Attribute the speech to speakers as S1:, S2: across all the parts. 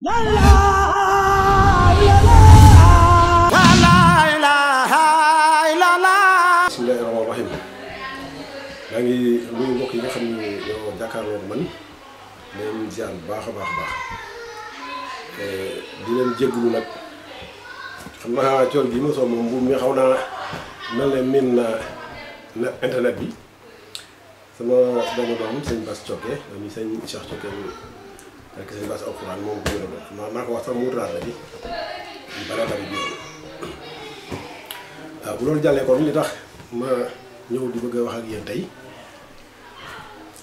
S1: bismillaahi rahmaani rahiim maa ngi nuyu mbokk yi nga xam ne ñoo jàkkaarloo man leen ziar bu baax a baax a baax eh, di leen jégalu nag xam naa coon gi ma soo moom mbuum mi xaw naa mel ne miin na internet bi sama dama doom sëñ Bass Thioké dañuy sëñ Cheikh Thioké rek sëñ bas alquran moom bu yoro na na ko wax sama muraat la bi ñu bari bari bi waaw bu ma ñëw di bëgg a wax ak yéen tey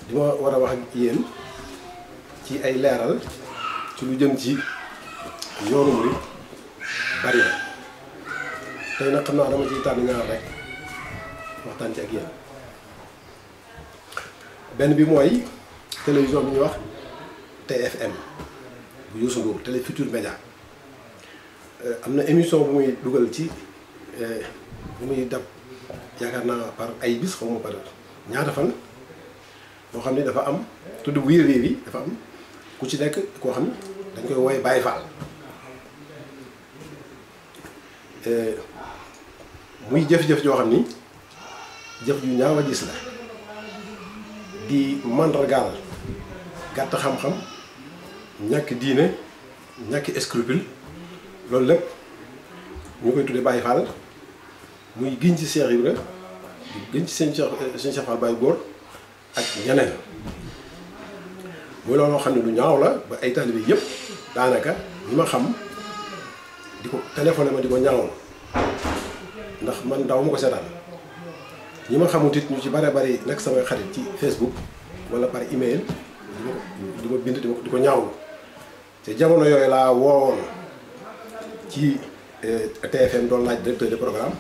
S1: di ma war a wax ak yéen ci bari na tey nag xam naa dama ciy rek waxtaan ci ak bi mooy télévision bi wax TFM bu Youssou Ndour Télé futur média euh amna émission bu muy dugal ci euh, bu muy dab yakarna par ay bis xawma par ñaata fan bo xamni dafa am tuddu bu wiir wi dafa am ku ci nek ko xamni dañ koy woy Baye Fall euh, muy jëf-jëf jo xamni jëf ju ñaawa gis la di mandragal gatt xam-xam ñàkk diine ñàkk scrupule loolu lépp ñu koy tuddee Baye Fall muy giñ ci Cheikh Ibra di giñ ci seen Cheikh eh, seen muy looloo xam ne lu ñaaw la ba ay taalibe yëpp daanaka ñi ma xam di ko téléphoné ma di ko ñaawal ndax man daaw ma ko seetaan ñi ma xamut it ñu ci bare bari nag samay xarit ci Facebook wala par email di ma ko di ko ñaawlu te jamono yooyu laa woowoon ci eh, TFM doon laaj directeur de programme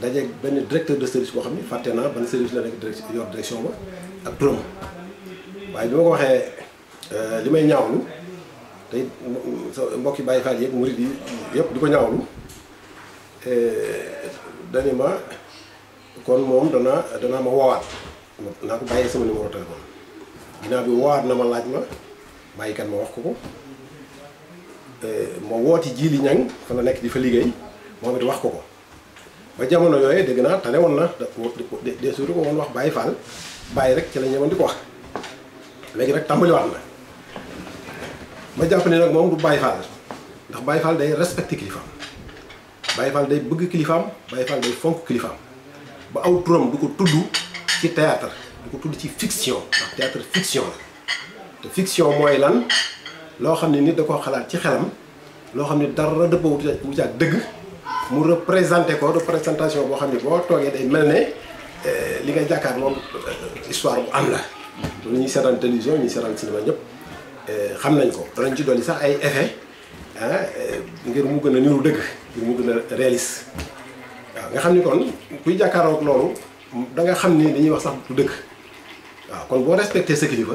S1: daje benn directeur de service boo xam ni fàtte naa ban service la nekk direct yor direction ba ak turam waaye bi ma ko waxee eh, li may ñaawlu te mbokki Baye Fall yeeg murid yi yëpp di ko ñaawlu eh, dani ma kon moom dana danaa ma woowaat naa ko bàyyee sama numéro téléphone ginnaaw bi woowaat na ma laaj ma bàyyi kan ma wax ko ko eh, moo wooti jii Ñang fa la nekk di fa liggéey moo it wax ko ko ba jamono yooyee dégg naa tane woon na de suuri wax bàyyi faal bàyyi rek ci la ñëwoon di ko wax léegi nag jàpp ne nag moom du bàyyi faal ndax bàyyi faal day respecté kilifaam bàyyi faal day bëgg kilifaam bàyyi faal day fonk kilifaam ba aw turam du ko tudd ci théâtre du ko tudd ci fiction ndax théâtre fiction te fiction mooy lan loo xam ne nit da koo xalaat ci xelam loo xam ne dara dëppoo wuute ak dëgg mu représenté ko représentation boo xam ne boo toogee day mel ne eh, li nga jàkkaar moom eh, histoire bu am la. ñuy seetaan télévision ñuy seetaan cinéma ñëpp eh, xam nañ ko. danañ ci dolli sax ay effet ah ngir mu gën a niru dëgg ngir mu gën a réaliste waaw nga xam ni kon kuy jàkkaarook loolu da nga xam ni dañuy wax sax du dëgg waaw kon boo respecté sa kilifa.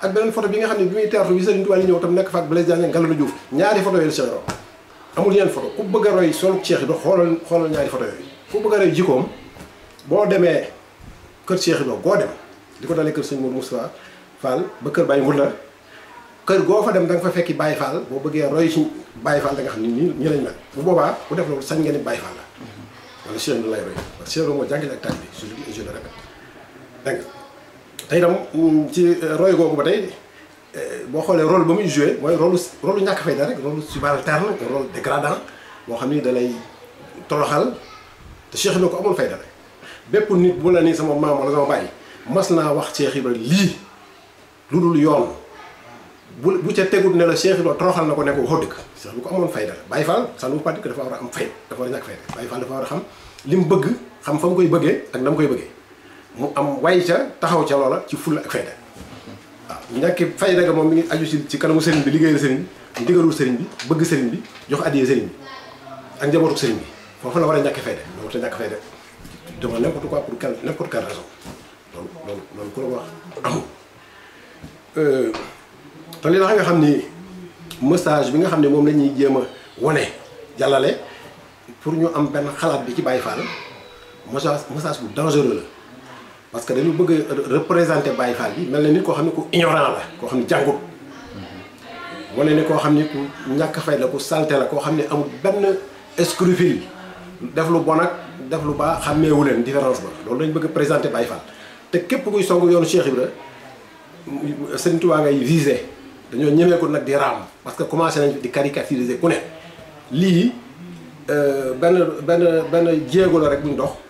S1: ak benen photo bi nga xamni bi muy tertu bi Serigne Touba li ñëw tam nek fak Blaise Diagne Galandou Diouf ñaari photo yooyu seen amul yeen photo ku bëgg roy solo Cheikh do xolal xolal ñaari photo yoy ku bëgg roy jikom bo démé keur Cheikh do go dem diko dalé keur serigne Mourou Moustapha Fall ba keur Baye Ngounda keur go fa dem da nga fa fekki Baye Fall bo bëggee roy ci Baye Fall da nga xamni ñi ñi lañ nak bu boba bu def loolu sañ nga ni Baye Fall la wala Cheikh Ibra lay roy parce que Cheikh Ibra moo jàngale ak tan bi su le répète rek nga te itam mm, ci euh, roy googu ba tey euh, boo xoolee rol ba muy joué mooy rôle rôle ñàkk fayda rek rôle subalterne rôle dégradant boo xam ni da lay toroxal te Cheikh Ibra ko amul fayda rek bépp nit bu la ni sama maam wala bàyyi mas naa wax Cheikh Ibra lii lu dul yoon bu bu ca tegut ne la Cheikh toroxal na ko ne ko waxoo dëgg Cheikh ko amoon fayda la Baye Fall ça ne veut dafa war a am fay dafa war a ñàkk fayda Baye Fall dafa war a xam li mu bëgg xam fa mu koy bëggee ak na mu koy bëggee mu am way ca taxaw ca loola ci fulla ak fayda waaw ñàkk fay ga moom mi ngi aju ci kanamu sëriñ bi liggéeyal sëriñ bi ndigalul sëriñ bi bëgg sëriñ bi jox addiyee sëriñ bi ak njabootu sëriñ bi foofu la war a ñàkk fayda loolu te ñàkk fayda dama n'importe quoi pour quelle n'importe quelle raison loolu loolu loolu ku la wax euh, te li tax nga xam ni message bi nga xam ne moom la ñuy jéem a wane jàllale pour ñu am benn xalaat bi ci Baye Fall message message bu dangereux la parce que dañu bëgg représenter Baye Fall bi mel na nit ko xam ko ignorant la ko xam ne jàngut wane ne koo xam ne ku ñàkk fay la ko salte la koo xam amul benn escrupule def lu bon ak def lu ba xamé wu len différence ba loolu lañ bëgg présenter Baye Fall té képp kuy songu yoonu Cheikh Ibra Serigne Touba ngay visé dañu ñemee ko nak di ram parce que commencé nañ di caricaturiser ku ne lii euh, benn ben ben jéego la rek buñ dox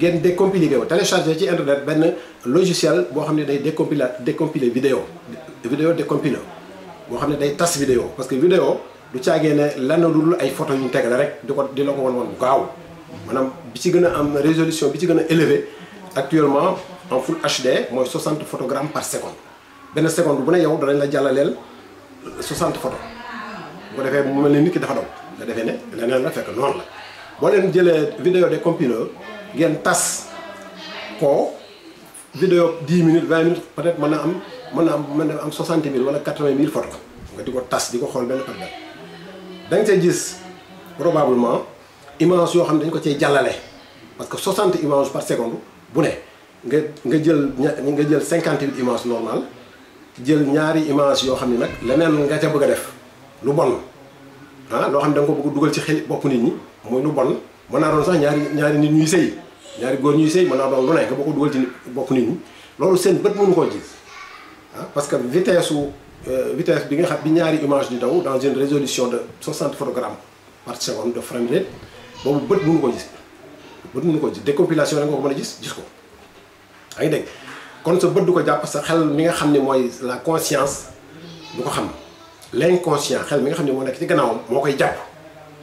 S1: ngeen décompiler ko télécharger ci internet ben logiciel bo xamné day décompiler décompiler vidéo vidéo décompiler bo xamné day tas vidéo parce que vidéo du caagee ne lan dul ay photo yu ñu tegale rek diko ko ko won won gaaw manam bi ci gëna am résolution bi ci gëna élevé actuellement en full HD moy 60 photogrammes par seconde ben seconde bu ne yow danañ la jallalel 60 photos bu ko mo mu nit ki dafa daw nga defee ne leneen la fekk non la boo leen jëlé vidéo décompiler ngeen tas ko vidéo 10 minutes 20 minutes peut-être mën am mën am mën am 60000 wala 80000 photo nga diko ko tas di ko xool benn par benn da nga gis probablement image yo xamne dañ ko cay jallalé parce que 60 images par seconde bu né nga nga jël nga jël 50000 images normal jël ñaari images yo xam nak leneen nga ca bëgg def lu bon ha ah, lo xamne ne ko bëgg duggal ci xel bop nit ñi moy lu bon mën naa doon sax ñaari ñaari nit ñuy sëy ñaari góor ñuy sëy mën naa doon lu ne nga boo ko dugal nit ñi loolu seen bët mënu koo gis ah, parce que vitesse u euh, vitesse bi nga xam bi ñaari image di daw dans une résolution de 60 photogrammes par seconde de frame rate bobu bët mënu ko gis bët mënu ko gis décompilation nga ko mëna gis gis ko ay ngi dégg kon sa bët du ko jàpp sa xel mi nga xam ne mooy la conscience du ko xam l'inconscient xel mi nga xam ne moo nekk ci gannaaw mo koy japp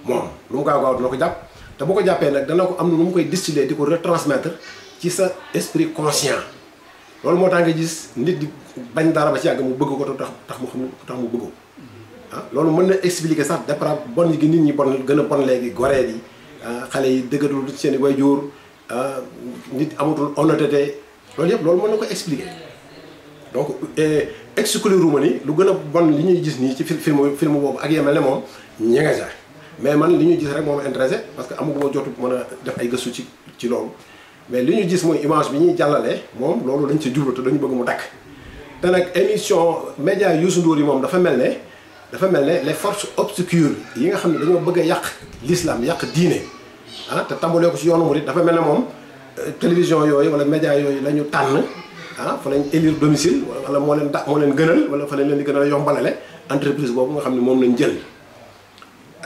S1: mom lu mu gaaw gaaw dina ko jàpp te boo ko jàppee nag dana ko am na nu mu koy distiller di ko retransmettre ci sa esprit conscient loolu moo tax nga gis nit di bañ dara ba ci yàgg mu bëgg ko tax tax mu xam tax mu bëgg ko ah loolu mën na expliquer sax départ bon gi nit ñi bon gën a bon léegi goree yi ah, xale yi dëggatul seen i waajur ah, nit amatul honnêteté loolu yëpp loolu mën na ko expliquer donc eh, exclure ma ni lu gën a bon li ñuy gis nii ci film film boobu ak yemale moom ña nga mais man liñu ñu gis rek mom intéressé parce que amugo jotu mën def ay gëstu ci ci lool mais liñu ñu gis mooy image bi ñi jallalé mom loolu dañ ci jublu te dañu bëgg mu dakk te nak émission média Youssou Ndour yi moom dafa melné dafa melné les forces obscures yi nga xam dañu bëgg yaq l'islam yaq diiné ah té tàmbalee ko ci yoonu mourid dafa melné mom euh, télévision yoy wala média yoy lañu ñu tànn ah fa lañ élire domicile wala mo leen da moo leen gënal wala fa lañ leen di gënal yombalalé entreprise bobu nga xam mom moom lañ jël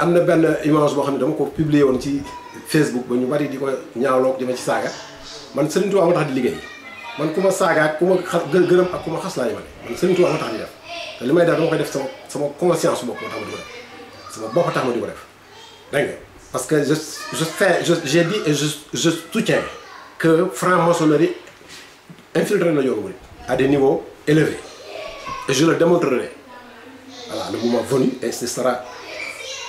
S1: am na benn image boo xam ne dama ko publier woon ci Facebook ba ñu bari di ko ñaawloog di ci saaga man Sëriñ Tuubaa moo tax di liggéey man ku ma saagaat ku ma xas gërëm ak ku ma xas laa yemale man Sëriñ Tuubaa moo tax di def te li may def dama koy def sama sama conscience bopp moo tax ma di ko def sama bopp tax ma di ko def dégg nga parce que je je fais je j'ai dit et je je soutiens que franc-maçonnerie infiltré na yoonu murid à des niveaux élevés et je le démontrerai voilà le moment venu et ce sera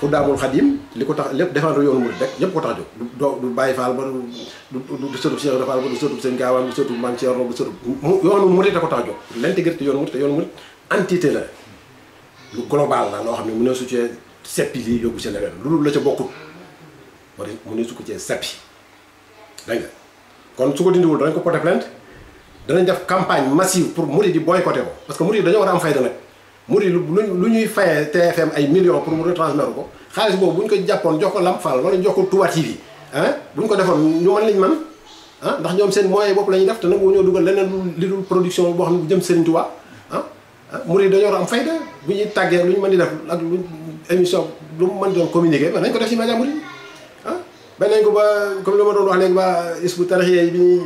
S1: Xuddaamul Xadim li ko tax lépp défendre yoonu murid rek ñëpp ko tax jóg du du bàyyi Fall ba du du du sëtub Cheikh Fall ba du sëtub Sëñ Gaawaan du sëtub Mame Thierno du sëtub yoonu murid da ko tax jóg l'intégrité yoonu murid te yoonu murid entité la lu global la loo xam ne mu ne su cee seppi lii yóbbu ci leneen lu dul la ca bokkut war mu ne su ko cee seppi dégg nga kon su ko dindiwul danañ ko porter plainte danañ def campagne massive pour murid yi boycotter ko parce que mu yi dañoo war a am fayda nag mu di lu ñuy fayee TFM ay millions pour mu retransmettre ko xaalis boobu bu ñu ko jàppoon jox ko Lamp Fall wala jox ko Touba TV ah bu ñu ko defoon ñu mën lañ man ah ndax ñoom seen moyen bopp la ñuy def te nag ñoo dugal leneen li dul production boo xam ne bu jëm Serigne Touba ah dañoo war am fayda bu ñuy tàggee lu ñu mën di def ak lu émission lu mu mën doon communiqué nañ ko def ci média murid ah bañ nañ ko ba comme li ma doon wax léegi waa Hizbut Tarqiyyah bi ñuy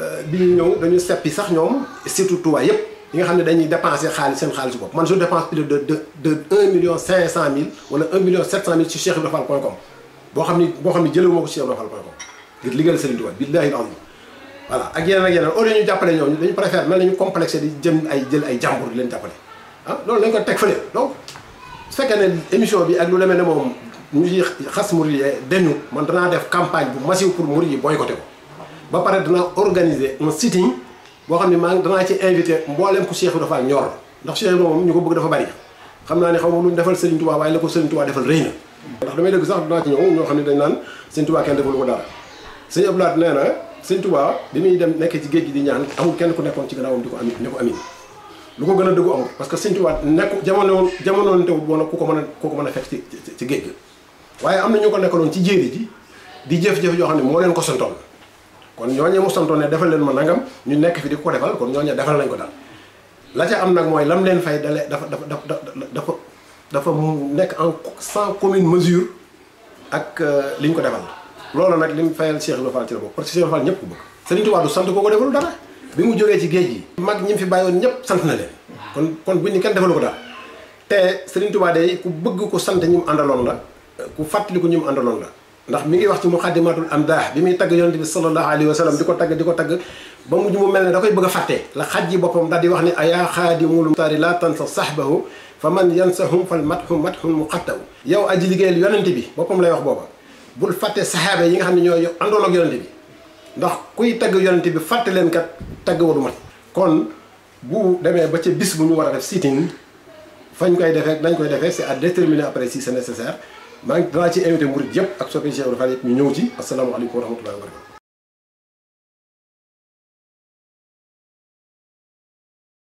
S1: euh, bi ñuy ñëw dañu seppi sax ñoom surtout Touba yëpp yi nga xam ne dañuy dépenser xaalis seen xaalis bopp man je dépense plus de de de un million cinq cent mille wala un million sept cent mille ci Cheikh Ibrahima Fall point com boo xam ni boo xam ni jëlewu ko ci Cheikh Ibrahima Fall point com ngir liggéeyal Serigne Touba billahi al voilà ak yeneen ak yeneen au lieu ñu jàppale ñooñu dañu préfère nan la ñu complexé di jëm ay jël ay jàmbur di leen jàppale ah loolu lañ ko teg fële donc su fekkee ne émission bi ak lu demee ne moom ñu ci xas murid yi dañu man danaa def campagne bu massive pour murid yi boycotté ko ba pare danaa organiser un sitting boo xam ne maa ngi danaa ci invité mboolem ku Cheikh Ibra Fall ñor ndax Cheikh moom ñu ko bëgg dafa bari xam naa ne xaw ma lu ñu defal Serigne Touba waaye la ko Serigne Touba defal rëy na ndax damay dégg sax dinaa ci ñëw ñoo xam ne dañ naan Serigne Touba kenn deful ko dara Serigne na Serigne Touba bi muy dem nekk ci géej gi di ñaan amul kenn ku nekkoon ci gannaawam di ko am amin lu ko gën a dëggu amul parce que Serigne Touba nekk jamono jamonoon tewu boona ku ko mën a ku ko am na ñu ko nekkaloon ci jéeri ji di jëf yoo xam ne moo leen ko santoon kon ñooñu mu santoon ne defal leen ma nangam ñu nekk fi di ko defal kon ñooñu defal nañ ko daal la ca am nag mooy lam leen fay dale dafa dafa dafa dafa mu nekk en sans commune mesure ak euh, li ñu ko defal loolu nag li mu fayal Cheikh Ibrahima Fall ci la bokk parce que Cheikh Ibrahima Fall ñëpp ko bëgg Sëriñ Tuubaa du sant ko ko defalu dara bi mu jógee ci géej gi mag ñi mu fi bàyyoon ñëpp sant na leen kon kon bu ñu kenn defalu ko daal te Sëriñ Tuubaa day ku bëgg ko sant ñi àndaloon la ku fàttali ko ñi mu la ndax mi ngi wax ci muqaddimatul amdah bi mi tag yonent bi sallallahu alayhi wa sallam di ko tagg di ba mujj mu mel ne da koy bëgg a la xajji bopam dal di wax ni ayaa khadimul mutari la tansa sahbahu faman yansahum fal madhu madhu muqattaw yow aji ligeel yonent bi bopam lay wax boba bul fàtte sahaba yi nga xamni ñoy andol ak yonent bi ndax kuy tag yonent bi fàtte len kat tag wu mat kon bu deme ba ci bis bu ñu wara def sitin fañ koy defee dañ koy defee c'est à déterminer après si c'est nécessaire maa ngi danaa ci invité murid yëpp ak soppe Cheikh Ibra Fall yëpp ñu ñëw ci asalaamaaleykum wa rahmatullahi wa barakatu